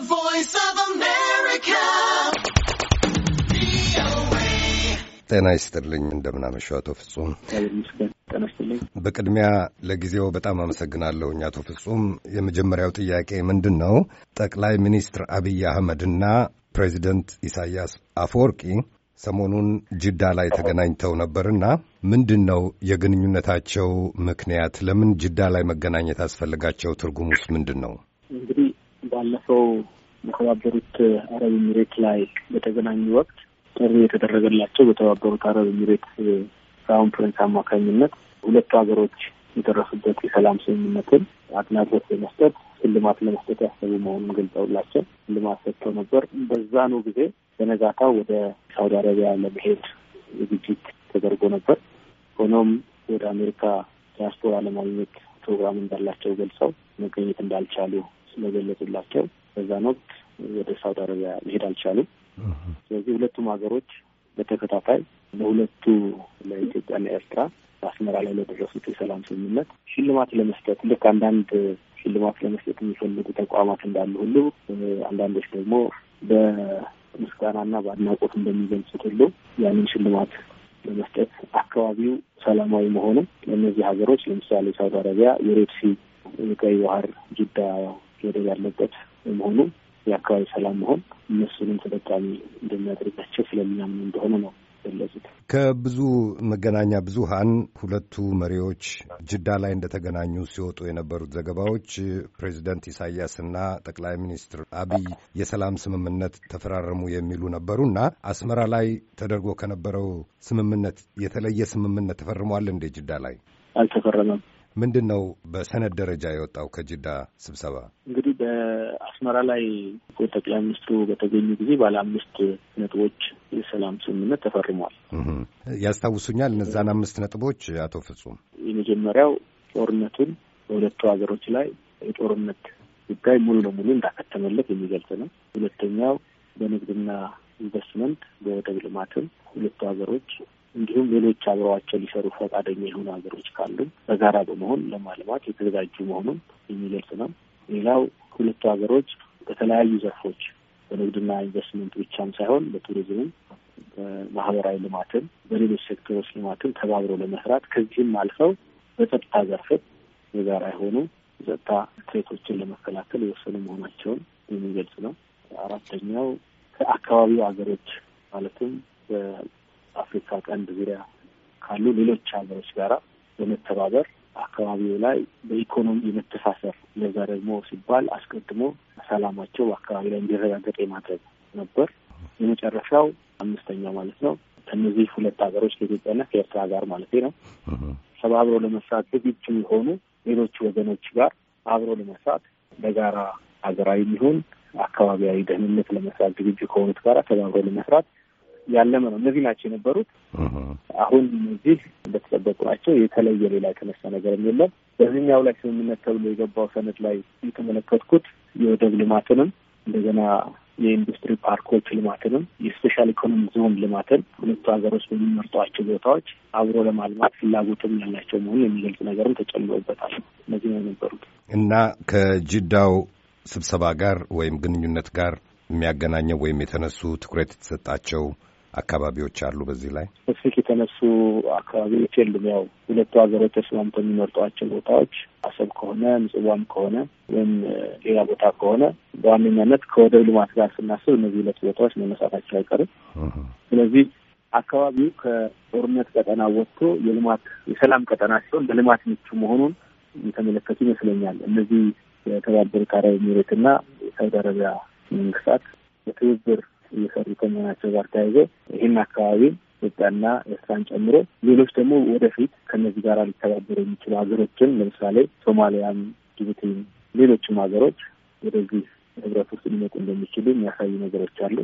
The Voice ጤና ይስጥልኝ። እንደምናመሸው አቶ ፍጹም በቅድሚያ ለጊዜው በጣም አመሰግናለሁኝ። አቶ ፍጹም የመጀመሪያው ጥያቄ ምንድን ነው? ጠቅላይ ሚኒስትር አብይ አህመድና ፕሬዚደንት ኢሳያስ አፈወርቂ ሰሞኑን ጅዳ ላይ ተገናኝተው ነበርና ምንድን ነው የግንኙነታቸው ምክንያት? ለምን ጅዳ ላይ መገናኘት አስፈልጋቸው? ትርጉሙስ ምንድን ነው? እንግዲህ ባለፈው በተባበሩት አረብ ኤሚሬት ላይ በተገናኙ ወቅት ጥሪ የተደረገላቸው በተባበሩት አረብ ኤሚሬት ፕሪንስ አማካኝነት ሁለቱ ሀገሮች የደረሱበት የሰላም ስምምነትን አድናቆት በመስጠት ሽልማት ለመስጠት ያሰቡ መሆኑን ገልጸውላቸው ሽልማት ሰጥተው ነበር። በዛኑ ጊዜ በነጋታው ወደ ሳውዲ አረቢያ ለመሄድ ዝግጅት ተደርጎ ነበር። ሆኖም ወደ አሜሪካ ዲያስፖራ ለማግኘት ፕሮግራም እንዳላቸው ገልጸው መገኘት እንዳልቻሉ ስለገለጹላቸው በዛን ወቅት ወደ ሳውዲ አረቢያ መሄድ አልቻሉም። ስለዚህ ሁለቱም ሀገሮች በተከታታይ ለሁለቱ ለኢትዮጵያና ኤርትራ በአስመራ ላይ ለደረሱት የሰላም ስምምነት ሽልማት ለመስጠት ልክ አንዳንድ ሽልማት ለመስጠት የሚፈልጉ ተቋማት እንዳሉ ሁሉ አንዳንዶች ደግሞ በምስጋናና በአድናቆት እንደሚገልጹት ሁሉ ያንን ሽልማት ለመስጠት አካባቢው ሰላማዊ መሆኑም ለእነዚህ ሀገሮች ለምሳሌ ሳውዲ አረቢያ የሬድሲ የቀይ ባህር ጅዳ ገደብ ያለበት መሆኑ የአካባቢ ሰላም መሆን እነሱንም ተጠቃሚ እንደሚያደርጋቸው ስለሚያምኑ እንደሆነ ነው ገለጹት። ከብዙ መገናኛ ብዙሃን ሁለቱ መሪዎች ጅዳ ላይ እንደተገናኙ ሲወጡ የነበሩት ዘገባዎች ፕሬዚደንት ኢሳያስና ጠቅላይ ሚኒስትር አብይ የሰላም ስምምነት ተፈራረሙ የሚሉ ነበሩና አስመራ ላይ ተደርጎ ከነበረው ስምምነት የተለየ ስምምነት ተፈርሟል እንዴ? ጅዳ ላይ አልተፈረመም። ምንድን ነው በሰነድ ደረጃ የወጣው ከጅዳ ስብሰባ? እንግዲህ በአስመራ ላይ ጠቅላይ ሚኒስትሩ በተገኙ ጊዜ ባለ አምስት ነጥቦች የሰላም ስምምነት ተፈርሟል። ያስታውሱኛል እነዛን አምስት ነጥቦች አቶ ፍጹም? የመጀመሪያው ጦርነቱን በሁለቱ ሀገሮች ላይ የጦርነት ጉዳይ ሙሉ ለሙሉ እንዳከተመለት የሚገልጽ ነው። ሁለተኛው በንግድና ኢንቨስትመንት በወደብ ልማትም ሁለቱ ሀገሮች እንዲሁም ሌሎች አብረዋቸው ሊሰሩ ፈቃደኛ የሆኑ ሀገሮች ካሉ በጋራ በመሆን ለማልማት የተዘጋጁ መሆኑን የሚገልጽ ነው። ሌላው ሁለቱ ሀገሮች በተለያዩ ዘርፎች በንግድና ኢንቨስትመንት ብቻም ሳይሆን በቱሪዝምም፣ በማህበራዊ ልማትም፣ በሌሎች ሴክተሮች ልማትም ተባብሮ ለመስራት ከዚህም አልፈው በጸጥታ ዘርፍም የጋራ የሆኑ የጸጥታ ትሬቶችን ለመከላከል የወሰኑ መሆናቸውን የሚገልጽ ነው። አራተኛው ከአካባቢው ሀገሮች ማለትም አፍሪካ ቀንድ ዙሪያ ካሉ ሌሎች ሀገሮች ጋራ በመተባበር አካባቢው ላይ በኢኮኖሚ የመተሳሰር ለዛ ደግሞ ሲባል አስቀድሞ ሰላማቸው አካባቢ ላይ እንዲረጋገጥ የማድረግ ነበር። የመጨረሻው አምስተኛው ማለት ነው ከእነዚህ ሁለት ሀገሮች ከኢትዮጵያና ከኤርትራ ጋር ማለት ነው ተባብረው ለመስራት ዝግጁ የሆኑ ሌሎች ወገኖች ጋር አብሮ ለመስራት በጋራ ሀገራዊ የሚሆን አካባቢያዊ ደህንነት ለመስራት ዝግጁ ከሆኑት ጋር ተባብሮ ለመስራት ያለመ ነው። እነዚህ ናቸው የነበሩት። አሁን እነዚህ እንደተጠበቁ ናቸው። የተለየ ሌላ የተነሳ ነገርም የለም። በዚህኛው ላይ ስምምነት ተብሎ የገባው ሰነድ ላይ የተመለከትኩት የወደብ ልማትንም እንደገና የኢንዱስትሪ ፓርኮች ልማትንም የስፔሻል ኢኮኖሚ ዞን ልማትን ሁለቱ ሀገሮች በሚመርጧቸው ቦታዎች አብሮ ለማልማት ፍላጎትም ያላቸው መሆኑን የሚገልጽ ነገርም ተጨምሮበታል። እነዚህ ነው የነበሩት እና ከጅዳው ስብሰባ ጋር ወይም ግንኙነት ጋር የሚያገናኘው ወይም የተነሱ ትኩረት የተሰጣቸው አካባቢዎች አሉ። በዚህ ላይ ስፔሲፊክ የተነሱ አካባቢዎች የሉም። ያው ሁለቱ ሀገሮች ተስማምተው የሚመርጧቸው ቦታዎች አሰብ ከሆነ ምጽዋም ከሆነ ወይም ሌላ ቦታ ከሆነ በዋነኛነት ከወደብ ልማት ጋር ስናስብ እነዚህ ሁለት ቦታዎች መነሳታቸው አይቀርም። ስለዚህ አካባቢው ከጦርነት ቀጠና ወጥቶ የልማት የሰላም ቀጠና ሲሆን ለልማት ምቹ መሆኑን የተመለከቱ ይመስለኛል። እነዚህ የተባበሩት አረብ ኤሚሬት የሳውዲ አረቢያ መንግስታት በትብብር እየሰሩ ከመሆናቸው ጋር ተያይዞ ይህን አካባቢ ኢትዮጵያና ኤርትራን ጨምሮ ሌሎች ደግሞ ወደፊት ከነዚህ ጋር ሊተባበሩ የሚችሉ ሀገሮችን ለምሳሌ ሶማሊያም፣ ጅቡቲም ሌሎችም ሀገሮች ወደዚህ ህብረት ውስጥ ሊመቁ እንደሚችሉ የሚያሳዩ ነገሮች አሉ።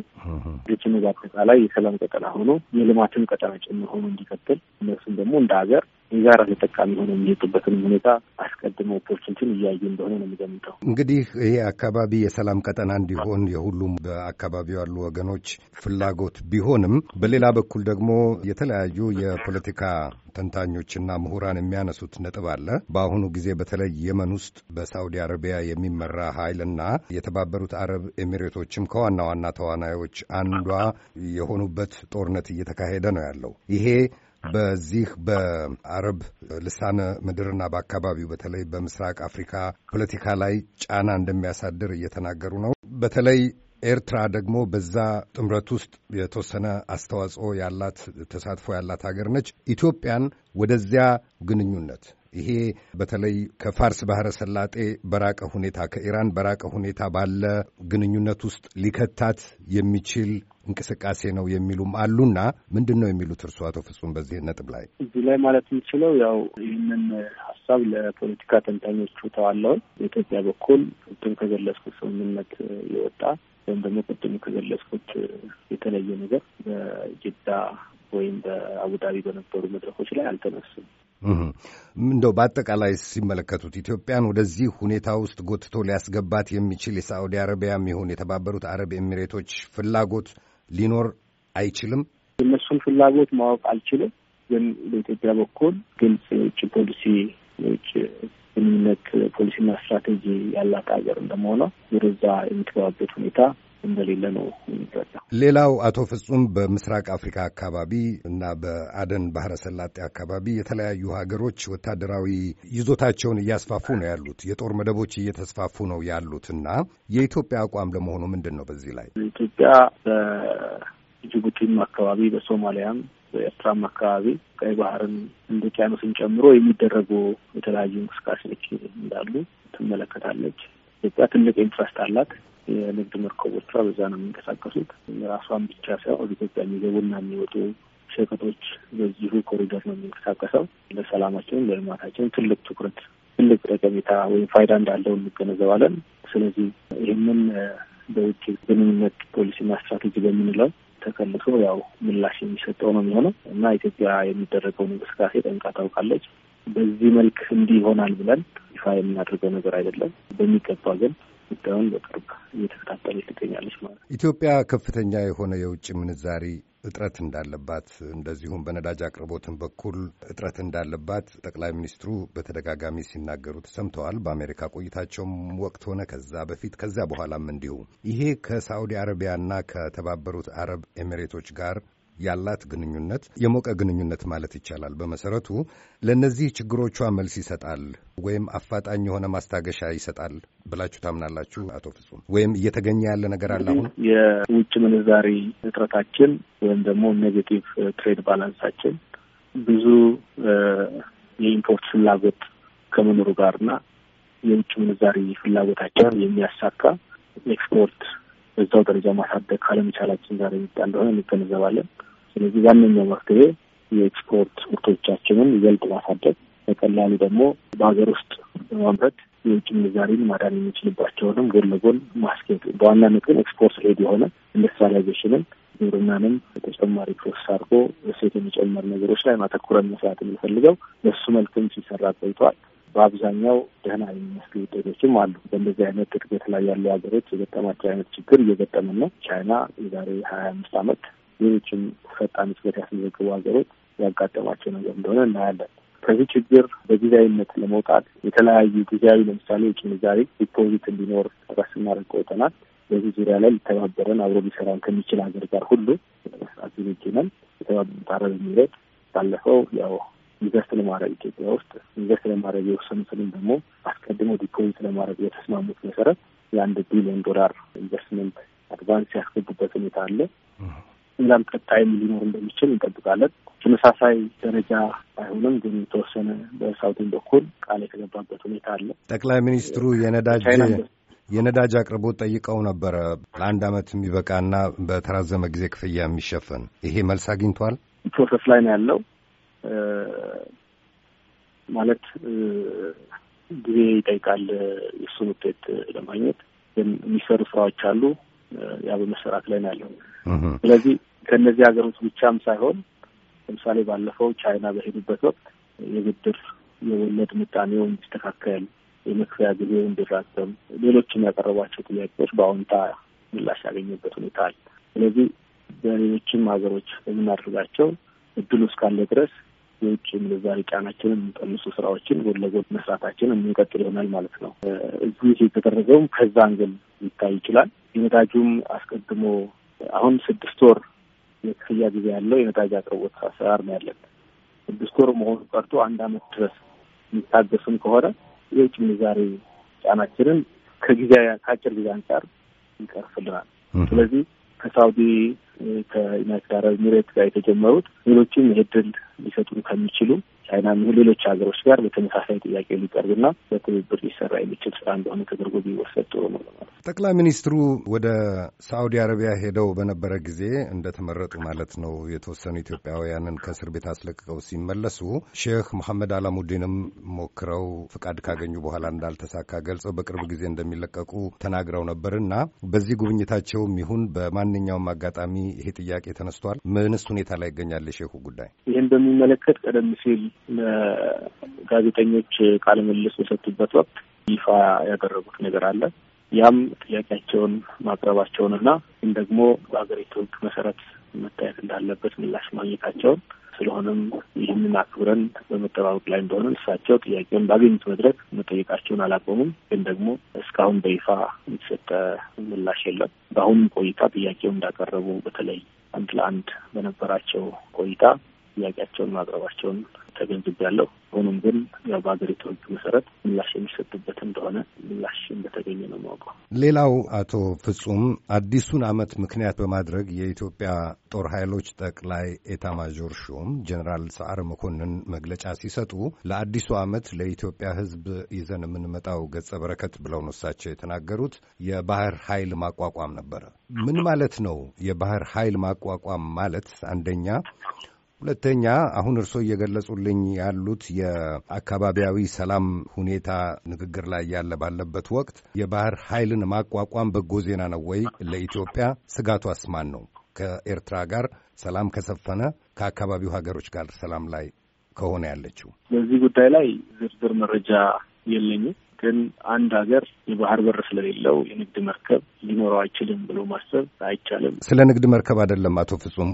ችም በአጠቃላይ የሰላም ቀጠና ሆኖ የልማትም ቀጠና ጭምር ሆኖ እንዲቀጥል እነሱም ደግሞ እንደ ሀገር የጋራ ተጠቃሚ ሆነ የሚሄጡበትን ሁኔታ አስቀድሞ ኦፖርቹኒቲን እያዩ እንደሆነ ነው የሚገምጠው። እንግዲህ ይሄ አካባቢ የሰላም ቀጠና እንዲሆን የሁሉም በአካባቢው ያሉ ወገኖች ፍላጎት ቢሆንም በሌላ በኩል ደግሞ የተለያዩ የፖለቲካ ተንታኞችና ምሁራን የሚያነሱት ነጥብ አለ። በአሁኑ ጊዜ በተለይ የመን ውስጥ በሳውዲ አረቢያ የሚመራ ኃይልና የተባበሩት አረብ ኤሚሬቶችም ከዋና ዋና ተዋናዮች አንዷ የሆኑበት ጦርነት እየተካሄደ ነው ያለው ይሄ በዚህ በአረብ ልሳነ ምድርና በአካባቢው በተለይ በምስራቅ አፍሪካ ፖለቲካ ላይ ጫና እንደሚያሳድር እየተናገሩ ነው። በተለይ ኤርትራ ደግሞ በዛ ጥምረት ውስጥ የተወሰነ አስተዋጽኦ ያላት ተሳትፎ ያላት ሀገር ነች። ኢትዮጵያን ወደዚያ ግንኙነት ይሄ በተለይ ከፋርስ ባህረ ሰላጤ በራቀ ሁኔታ ከኢራን በራቀ ሁኔታ ባለ ግንኙነት ውስጥ ሊከታት የሚችል እንቅስቃሴ ነው የሚሉም አሉና ምንድን ነው የሚሉት እርሱ አቶ ፍጹም በዚህ ነጥብ ላይ እዚህ ላይ ማለት የምችለው ያው ይህንን ሀሳብ ለፖለቲካ ተንታኞቹ ተዋለውን በኢትዮጵያ በኩል ቅድም ከገለጽኩት ስምምነት የወጣ ወይም ደግሞ ቅድም ከገለጽኩት የተለየ ነገር በጅዳ ወይም በአቡዳቢ በነበሩ መድረኮች ላይ አልተነሱም። እንደው በአጠቃላይ ሲመለከቱት ኢትዮጵያን ወደዚህ ሁኔታ ውስጥ ጎትቶ ሊያስገባት የሚችል የሳዑዲ አረቢያም ይሁን የተባበሩት አረብ ኤሚሬቶች ፍላጎት ሊኖር አይችልም። የእነሱን ፍላጎት ማወቅ አልችልም። ግን በኢትዮጵያ በኩል ግልጽ የውጭ ፖሊሲ የውጭ ግንኙነት ፖሊሲና ስትራቴጂ ያላት ሀገር እንደመሆኗ ወደዛ የምትገባበት ሁኔታ እንደሌለ ነው የሚረዳ። ሌላው አቶ ፍጹም በምስራቅ አፍሪካ አካባቢ እና በአደን ባህረ ሰላጤ አካባቢ የተለያዩ ሀገሮች ወታደራዊ ይዞታቸውን እያስፋፉ ነው ያሉት፣ የጦር መደቦች እየተስፋፉ ነው ያሉት እና የኢትዮጵያ አቋም ለመሆኑ ምንድን ነው? በዚህ ላይ ኢትዮጵያ በጅቡቲም አካባቢ በሶማሊያም በኤርትራም አካባቢ ቀይ ባህርን እንደ ውቅያኖስን ጨምሮ የሚደረጉ የተለያዩ እንቅስቃሴዎች እንዳሉ ትመለከታለች። ኢትዮጵያ ትልቅ ኢንትረስት አላት። የንግድ መርከቦቿ በዛ ነው የሚንቀሳቀሱት። ራሷን ብቻ ሳይሆን ኢትዮጵያ የሚገቡና የሚወጡ ሸቀጦች በዚሁ ኮሪደር ነው የሚንቀሳቀሰው። ለሰላማችን፣ ለልማታችን ትልቅ ትኩረት፣ ትልቅ ጠቀሜታ ወይም ፋይዳ እንዳለው እንገነዘባለን። ስለዚህ ይህንን በውጭ ግንኙነት ፖሊሲና ስትራቴጂ በምንለው ተከልሶ ያው ምላሽ የሚሰጠው ነው የሚሆነው እና ኢትዮጵያ የሚደረገውን እንቅስቃሴ ጠንቃ ታውቃለች። በዚህ መልክ እንዲህ ይሆናል ብለን ይፋ የምናደርገው ነገር አይደለም። በሚገባ ግን ጉዳዩን በቅርብ እየተከታተለች ትገኛለች ማለት ነው። ኢትዮጵያ ከፍተኛ የሆነ የውጭ ምንዛሪ እጥረት እንዳለባት እንደዚሁም በነዳጅ አቅርቦትን በኩል እጥረት እንዳለባት ጠቅላይ ሚኒስትሩ በተደጋጋሚ ሲናገሩ ተሰምተዋል። በአሜሪካ ቆይታቸውም ወቅት ሆነ ከዛ በፊት ከዚያ በኋላም እንዲሁ ይሄ ከሳዑዲ አረቢያና ከተባበሩት አረብ ኤሚሬቶች ጋር ያላት ግንኙነት የሞቀ ግንኙነት ማለት ይቻላል በመሰረቱ ለእነዚህ ችግሮቿ መልስ ይሰጣል ወይም አፋጣኝ የሆነ ማስታገሻ ይሰጣል ብላችሁ ታምናላችሁ? አቶ ፍጹም፣ ወይም እየተገኘ ያለ ነገር አለ? አሁን የውጭ ምንዛሪ እጥረታችን ወይም ደግሞ ኔጌቲቭ ትሬድ ባላንሳችን ብዙ የኢምፖርት ፍላጎት ከመኖሩ ጋርና የውጭ ምንዛሪ ፍላጎታቸውን የሚያሳካ ኤክስፖርት በዛው ደረጃ ማሳደግ ካለመቻላችን ጋር የሚጣ እንደሆነ እንገነዘባለን። ስለዚህ ዋነኛው መፍትሄ የኤክስፖርት ምርቶቻችንን ይበልጥ ማሳደግ፣ በቀላሉ ደግሞ በሀገር ውስጥ በማምረት የውጭ ምንዛሪን ማዳን የሚችልባቸውንም ጎን ለጎን ማስኬት፣ በዋናነት ግን ኤክስፖርት ሬድ የሆነ ኢንዱስትሪያላይዜሽንን ግብርናንም ተጨማሪ ፕሮሰስ አድርጎ እሴት የሚጨመር ነገሮች ላይ ማተኩረን መስራት የሚፈልገው በሱ መልክም ሲሰራ ቆይተዋል። በአብዛኛው ደህና የሚመስሉ ውጤቶችም አሉ። በእንደዚህ አይነት እድገት ላይ ያሉ ሀገሮች የገጠማቸው አይነት ችግር እየገጠምን ነው። ቻይና የዛሬ ሀያ አምስት አመት ሌሎችም ፈጣን እድገት ያስመዘግቡ ሀገሮች ያጋጠማቸው ነገር እንደሆነ እናያለን። ከዚህ ችግር በጊዜያዊነት ለመውጣት የተለያዩ ጊዜያዊ ለምሳሌ ውጭ ምንዛሪ ዲፖዚት እንዲኖር ጥረት ስናደርግ ቆይተናል። በዚህ ዙሪያ ላይ ሊተባበረን አብሮ ሊሰራን ከሚችል ሀገር ጋር ሁሉ መስራት ዝግጁ ነን። የተባበሩት አረብ ኤሚሬት ባለፈው ያው ኢንቨስት ለማድረግ ኢትዮጵያ ውስጥ ኢንቨስት ለማድረግ የወሰኑትንም ደግሞ አስቀድሞ ዲፖዚት ለማድረግ የተስማሙት መሰረት የአንድ ቢሊዮን ዶላር ኢንቨስትመንት አድቫንስ ያስገቡበት ሁኔታ አለ። እዛም ቀጣይም ሊኖር እንደሚችል እንጠብቃለን። ተመሳሳይ ደረጃ ባይሆንም ግን የተወሰነ በሳውዲን በኩል ቃል የተገባበት ሁኔታ አለ። ጠቅላይ ሚኒስትሩ የነዳጅ የነዳጅ አቅርቦት ጠይቀው ነበረ ለአንድ አመት የሚበቃና በተራዘመ ጊዜ ክፍያ የሚሸፈን ይሄ መልስ አግኝቷል። ፕሮሰስ ላይ ነው ያለው። ማለት ጊዜ ይጠይቃል የእሱን ውጤት ለማግኘት። ግን የሚሰሩ ስራዎች አሉ። ያ በመሰራት ላይ ነው ያለው። ስለዚህ ከእነዚህ ሀገሮች ብቻም ሳይሆን ለምሳሌ ባለፈው ቻይና በሄዱበት ወቅት የብድር የወለድ ምጣኔው እንዲስተካከል የመክፈያ ጊዜው እንዲራዘም፣ ሌሎችም ያቀረቧቸው ጥያቄዎች በአዎንታ ምላሽ ያገኙበት ሁኔታ አለ። ስለዚህ በሌሎችም ሀገሮች የምናደርጋቸው እድሉ እስካለ ድረስ የውጭ ምንዛሪ ጫናችንን የሚቀንሱ ስራዎችን ጎን ለጎን መስራታችን የምንቀጥል ይሆናል ማለት ነው። እዚህ የተደረገውም ከዛ አንግል ሊታይ ይችላል። የነዳጁም አስቀድሞ አሁን ስድስት ወር የክፍያ ጊዜ ያለው የነዳጅ አቅርቦት አሰራር ነው ያለን። ስድስት ወር መሆኑ ቀርቶ አንድ አመት ድረስ የሚታገስም ከሆነ የውጭ ምንዛሬ ጫናችንን ከጊዜ ከአጭር ጊዜ አንጻር ይቀርፍልናል። ስለዚህ ከሳውዲ ከዩናይትድ አረብ ኤሚሬት ጋር የተጀመሩት ሌሎችም ይህ እድል ሊሰጡን ከሚችሉ ቻይና ይሁን ሌሎች ሀገሮች ጋር በተመሳሳይ ጥያቄ ሊቀርብና በትብብር ሊሰራ የሚችል ስራ እንደሆነ ተደርጎ ቢወሰድ ጥሩ ነው ለማለት ጠቅላይ ሚኒስትሩ ወደ ሳዑዲ አረቢያ ሄደው በነበረ ጊዜ እንደተመረጡ ማለት ነው የተወሰኑ ኢትዮጵያውያንን ከእስር ቤት አስለቅቀው ሲመለሱ ሼህ መሐመድ አላሙዲንም ሞክረው ፍቃድ ካገኙ በኋላ እንዳልተሳካ ገልጸው በቅርብ ጊዜ እንደሚለቀቁ ተናግረው ነበርና በዚህ ጉብኝታቸውም ይሁን በማንኛውም አጋጣሚ ይሄ ጥያቄ ተነስቷል? ምንስ ሁኔታ ላይ ይገኛል የሼሁ ጉዳይ? ይህን በሚመለከት ቀደም ሲል ለጋዜጠኞች ቃለ ምልልስ በሰጡበት ወቅት ይፋ ያደረጉት ነገር አለ። ያም ጥያቄያቸውን ማቅረባቸውንና ግን ደግሞ በሀገሪቱ ሕግ መሰረት መታየት እንዳለበት ምላሽ ማግኘታቸውን ስለሆነም ይህንን አክብረን በመጠባበቅ ላይ እንደሆነ እሳቸው ጥያቄውን ባገኙት መድረክ መጠየቃቸውን አላቆሙም። ግን ደግሞ እስካሁን በይፋ የተሰጠ ምላሽ የለም። በአሁኑ ቆይታ ጥያቄው እንዳቀረቡ በተለይ አንድ ለአንድ በነበራቸው ቆይታ ጥያቄያቸውን ማቅረባቸውን ተገንዝቤያለሁ። ሆኖም ግን ያው በሀገሪቱ ሕግ መሰረት ምላሽ የሚሰጥበት እንደሆነ ምላሽ እንደተገኘ ነው ማውቀው። ሌላው አቶ ፍጹም አዲሱን ዓመት ምክንያት በማድረግ የኢትዮጵያ ጦር ኃይሎች ጠቅላይ ማዦር ሹም ጀኔራል ሰዓረ መኮንን መግለጫ ሲሰጡ ለአዲሱ ዓመት ለኢትዮጵያ ሕዝብ ይዘን የምንመጣው ገጸ በረከት ብለው ነው እሳቸው የተናገሩት የባህር ኃይል ማቋቋም ነበረ። ምን ማለት ነው የባህር ኃይል ማቋቋም ማለት? አንደኛ ሁለተኛ አሁን እርስዎ እየገለጹልኝ ያሉት የአካባቢያዊ ሰላም ሁኔታ ንግግር ላይ ያለ ባለበት ወቅት የባህር ኃይልን ማቋቋም በጎ ዜና ነው ወይ ለኢትዮጵያ? ስጋቱ አስማን ነው? ከኤርትራ ጋር ሰላም ከሰፈነ ከአካባቢው ሀገሮች ጋር ሰላም ላይ ከሆነ ያለችው በዚህ ጉዳይ ላይ ዝርዝር መረጃ የለኝም። ግን አንድ ሀገር የባህር በር ስለሌለው የንግድ መርከብ ሊኖረው አይችልም ብሎ ማሰብ አይቻልም። ስለ ንግድ መርከብ አይደለም አቶ ፍጹም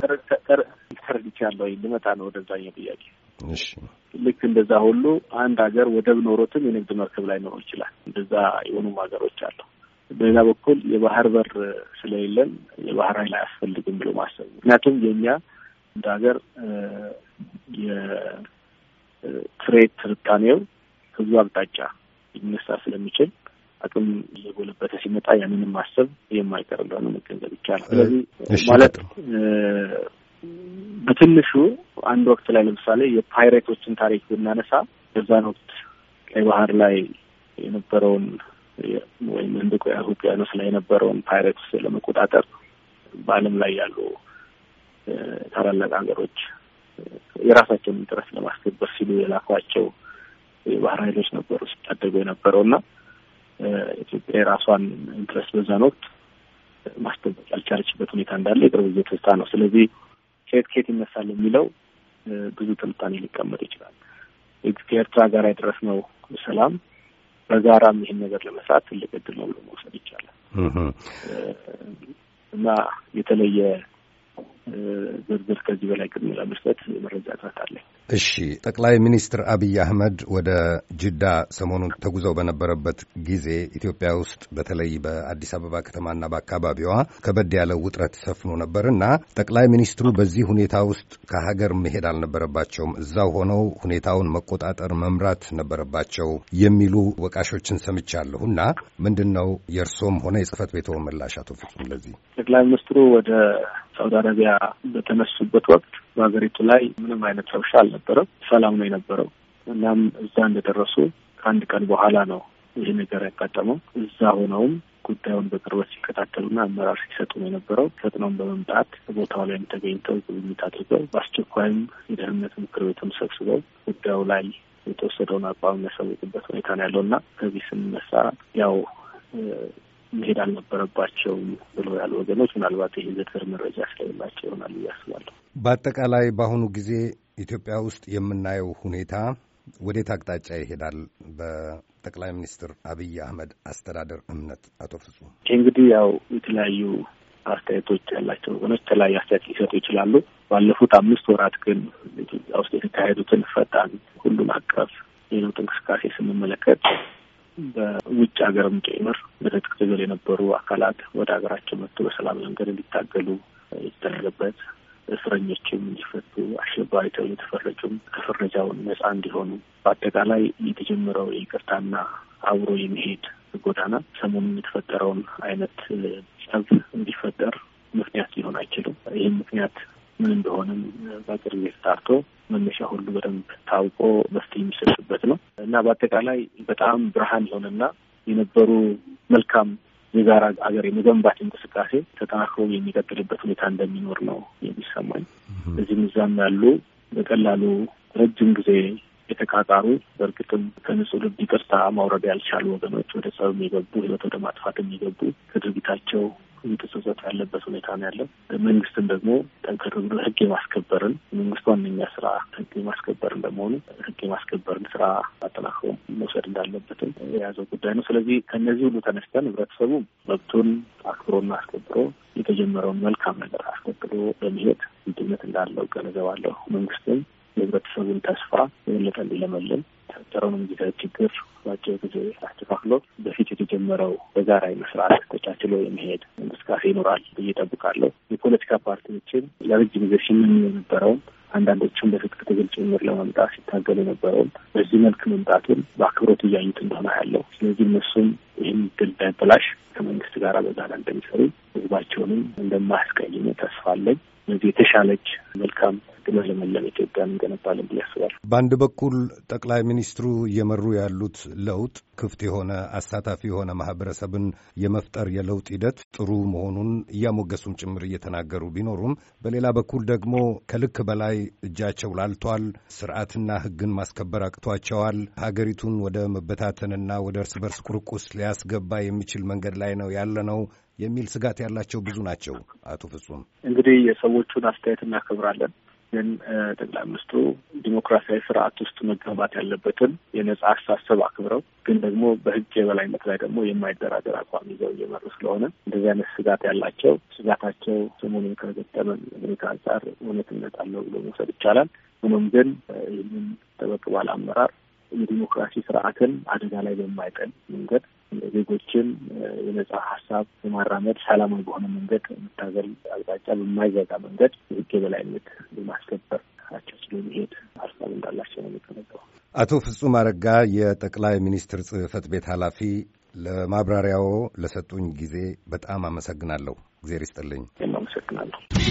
ያለው ልመጣ ነው ወደዛኛው ጥያቄ። እሺ ልክ እንደዛ ሁሉ አንድ ሀገር ወደብ ኖሮትም የንግድ መርከብ ላይ ኖሮ ይችላል። እንደዛ የሆኑም ሀገሮች አሉ። በሌላ በኩል የባህር በር ስለሌለን የባህር ኃይል አያስፈልግም ብሎ ማሰብ ምክንያቱም የእኛ እንደ ሀገር የትሬድ ትርታኔው ብዙ አቅጣጫ ሊነሳ ስለሚችል አቅም እየጎለበተ ሲመጣ ያንንም ማሰብ የማይቀር እንደሆነ መገንዘብ ይቻላል። ስለዚህ ማለት በትንሹ አንድ ወቅት ላይ ለምሳሌ የፓይሬቶችን ታሪክ ብናነሳ በዛን ወቅት ቀይ ባህር ላይ የነበረውን ወይም ህንድ ውቅያኖስ ላይ የነበረውን ፓይሬትስ ለመቆጣጠር በዓለም ላይ ያሉ ታላላቅ ሀገሮች የራሳቸውን ጥረት ለማስከበር ሲሉ የላኳቸው የባህር ኃይሎች ነበሩ ሲታደጉ የነበረው እና ኢትዮጵያ የራሷን ኢንትረስት በዛን ወቅት ማስጠበቅ ያልቻለችበት ሁኔታ እንዳለ የቅርብ ጊዜ ትዝታ ነው። ስለዚህ ከየት ከየት ይነሳል የሚለው ብዙ ትንታኔ ሊቀመጥ ይችላል። ከኤርትራ ጋር የደረስነው ሰላም በጋራም ይህን ነገር ለመስራት ትልቅ እድል ነው ብሎ መውሰድ ይቻላል እና የተለየ ዝርዝር ከዚህ በላይ ቅድሚያ ለመስጠት መረጃ እጥረት አለ። እሺ፣ ጠቅላይ ሚኒስትር አብይ አህመድ ወደ ጅዳ ሰሞኑን ተጉዘው በነበረበት ጊዜ ኢትዮጵያ ውስጥ በተለይ በአዲስ አበባ ከተማና በአካባቢዋ ከበድ ያለ ውጥረት ሰፍኖ ነበር እና ጠቅላይ ሚኒስትሩ በዚህ ሁኔታ ውስጥ ከሀገር መሄድ አልነበረባቸውም፣ እዛው ሆነው ሁኔታውን መቆጣጠር መምራት ነበረባቸው የሚሉ ወቃሾችን ሰምቻለሁ እና ምንድን ነው የእርሶም ሆነ የጽህፈት ቤቶ ምላሽ አቶ ፍጹም ለዚህ ጠቅላይ ሚኒስትሩ ወደ ሳውዲ አረቢያ በተነሱበት ወቅት በሀገሪቱ ላይ ምንም አይነት ረብሻ አልነበረም። ሰላም ነው የነበረው። እናም እዛ እንደደረሱ ከአንድ ቀን በኋላ ነው ይህ ነገር ያጋጠመው። እዛ ሆነውም ጉዳዩን በቅርበት ሲከታተሉና አመራር ሲሰጡ ነው የነበረው። ፈጥነውን በመምጣት ቦታው ላይም ተገኝተው ጉብኝት አድርገው በአስቸኳይም የደህንነት ምክር ቤትም ሰብስበው ጉዳዩ ላይ የተወሰደውን አቋም የሚያሳውቁበት ሁኔታ ነው ያለው እና ከዚህ ስንነሳ ያው መሄድ አልነበረባቸውም ብሎ ያሉ ወገኖች ምናልባት ይህ ዝርዝር መረጃ ስለሌላቸው ይሆናል እያስባለሁ። በአጠቃላይ በአሁኑ ጊዜ ኢትዮጵያ ውስጥ የምናየው ሁኔታ ወዴት አቅጣጫ ይሄዳል? በጠቅላይ ሚኒስትር አብይ አህመድ አስተዳደር እምነት አቶ ፍጹም ይህ እንግዲህ ያው የተለያዩ አስተያየቶች ያላቸው ወገኖች የተለያዩ አስተያየት ሊሰጡ ይችላሉ። ባለፉት አምስት ወራት ግን ኢትዮጵያ ውስጥ የተካሄዱትን ፈጣን ሁሉን አቀፍ የለውጥ እንቅስቃሴ ስንመለከት በውጭ ሀገርም ጭምር በትጥቅ ትግል የነበሩ አካላት ወደ ሀገራቸው መጥቶ በሰላም መንገድ እንዲታገሉ የተደረገበት እስረኞችም እንዲፈቱ አሸባሪ ተብሎ የተፈረጁም ከፍረጃውን ነጻ እንዲሆኑ በአጠቃላይ የተጀመረው የቅርታና አብሮ የመሄድ ጎዳና ሰሞኑን የተፈጠረውን አይነት ጸብ እንዲፈጠር ምክንያት ሊሆን አይችልም። ይህም ምክንያት ምን እንደሆነም በአጭር ጊዜ ተጣርቶ መነሻ ሁሉ በደንብ ታውቆ መፍትሄ የሚሰጥበት ነው እና በአጠቃላይ በጣም ብርሃን የሆነና የነበሩ መልካም የጋራ አገር የመገንባት እንቅስቃሴ ተጠናክሮ የሚቀጥልበት ሁኔታ እንደሚኖር ነው የሚሰማኝ። እዚህም እዛም ያሉ በቀላሉ ረጅም ጊዜ የተቃጣሩ በእርግጥም ከንጹህ ልብ ይቅርታ ማውረድ ያልቻሉ ወገኖች ወደ ጸብ የገቡ ህይወት ወደ ማጥፋት የሚገቡ ከድርጊታቸው እንቅስቀሳት ያለበት ሁኔታ ነው ያለው። መንግስትም ደግሞ ጠንከር ብሎ ህግ የማስከበርን መንግስት ዋነኛ ስራ ህግ የማስከበርን በመሆኑ ህግ የማስከበርን ስራ አጠናክሮ መውሰድ እንዳለበትም የያዘው ጉዳይ ነው። ስለዚህ ከእነዚህ ሁሉ ተነስተን ህብረተሰቡ መብቱን አክብሮና አስከብሮ የተጀመረውን መልካም ነገር አስቀጥሎ በመሄድ ምድነት እንዳለው እገነዘባለሁ። መንግስትም የህብረተሰቡን ተስፋ የበለጠ እንዲለመልን የተፈጠረውን ጊዜ ችግር ባጭር ጊዜ አስተካክሎ በፊት የጀመረው በጋራ መስራት ተቻችሎ የመሄድ እንቅስቃሴ ይኖራል ብዬ እጠብቃለሁ። የፖለቲካ ፓርቲዎችን ለረጅም ጊዜ ሲመኙ የነበረውን አንዳንዶቹም በትጥቅ ትግል ጭምር ለመምጣት ሲታገል የነበረውን በዚህ መልክ መምጣቱን በአክብሮት እያዩት እንደሆነ ያለው። ስለዚህ እነሱም ይህን ድል ዳይበላሽ ከመንግስት ጋር በጋራ እንደሚሰሩ ህዝባቸውንም እንደማያስቀይም ተስፋ አለኝ። ስለዚህ የተሻለች መልካም ለመለም ኢትዮጵያ እንገነባለን ብዬ ያስባል። በአንድ በኩል ጠቅላይ ሚኒስትሩ እየመሩ ያሉት ለውጥ ክፍት የሆነ አሳታፊ የሆነ ማህበረሰብን የመፍጠር የለውጥ ሂደት ጥሩ መሆኑን እያሞገሱም ጭምር እየተናገሩ ቢኖሩም በሌላ በኩል ደግሞ ከልክ በላይ እጃቸው ላልቷል፣ ስርዓትና ህግን ማስከበር አቅቷቸዋል፣ ሀገሪቱን ወደ መበታተንና ወደ እርስ በርስ ቁርቁስ ሊያስገባ የሚችል መንገድ ላይ ነው ያለ ነው የሚል ስጋት ያላቸው ብዙ ናቸው። አቶ ፍጹም እንግዲህ የሰዎቹን አስተያየት እናከብራለን። ግን ጠቅላይ ሚኒስትሩ ዲሞክራሲያዊ ስርዓት ውስጥ መገንባት ያለበትን የነጻ አስተሳሰብ አክብረው ግን ደግሞ በህግ የበላይነት ላይ ደግሞ የማይደራደር አቋም ይዘው እየመሩ ስለሆነ እንደዚህ አይነት ስጋት ያላቸው ስጋታቸው ሰሞኑን ከገጠመን ሁኔታ አንጻር እውነትነት አለው ብሎ መውሰድ ይቻላል። ሆኖም ግን ይህንን ጠበቅ ባለ አመራር የዲሞክራሲ ስርዓትን አደጋ ላይ በማይጠን መንገድ ዜጎችን የነጻ ሀሳብ በማራመድ ሰላማዊ በሆነ መንገድ መታገል አቅጣጫ በማይዘጋ መንገድ የህግ የበላይነት ስለሚሄድ ሀሳብ እንዳላቸው ነው የሚገነዘበው። አቶ ፍጹም አረጋ የጠቅላይ ሚኒስትር ጽህፈት ቤት ኃላፊ፣ ለማብራሪያዎ ለሰጡኝ ጊዜ በጣም አመሰግናለሁ። እግዜር ይስጥልኝ። አመሰግናለሁ።